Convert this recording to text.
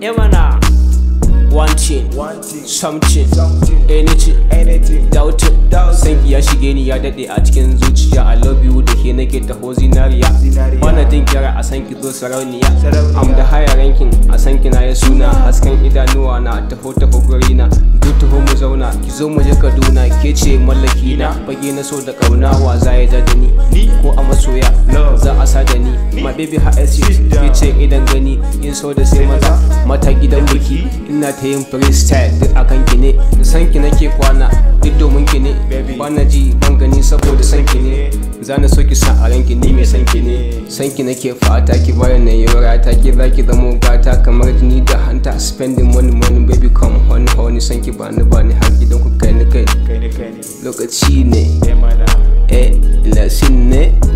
Imana eh, One thing, something, anything, anything. doubting San ya shige ni ya daɗe a cikin zuciya I love you da ke nake taho zinariya Bana jin kira a sanki ki zo sarauniya Am da higher ranking a sanki na ya suna Hasken idanuwa na taho taho guri na Zo taho mu zauna ki zo mu je Kaduna Ke ce mallaki na fage na so da kauna wa za ya da ni Ko a masoya my baby ha asu ce idan gani in so da sai mata mata gidan biki ina ta yin freestyle duk akan ki ne san ki nake kwana duk domin ki ne bana ji ban gani saboda san ki ne zana so ki san a ranki ni mai san ki ne san ki nake fata ki bayar na yi ta ki za ki zamo gata kamar jini da hanta spending money money baby come honey honey san ki bani bani har gidan ku kai ni kai lokaci ne eh lasin eh, ne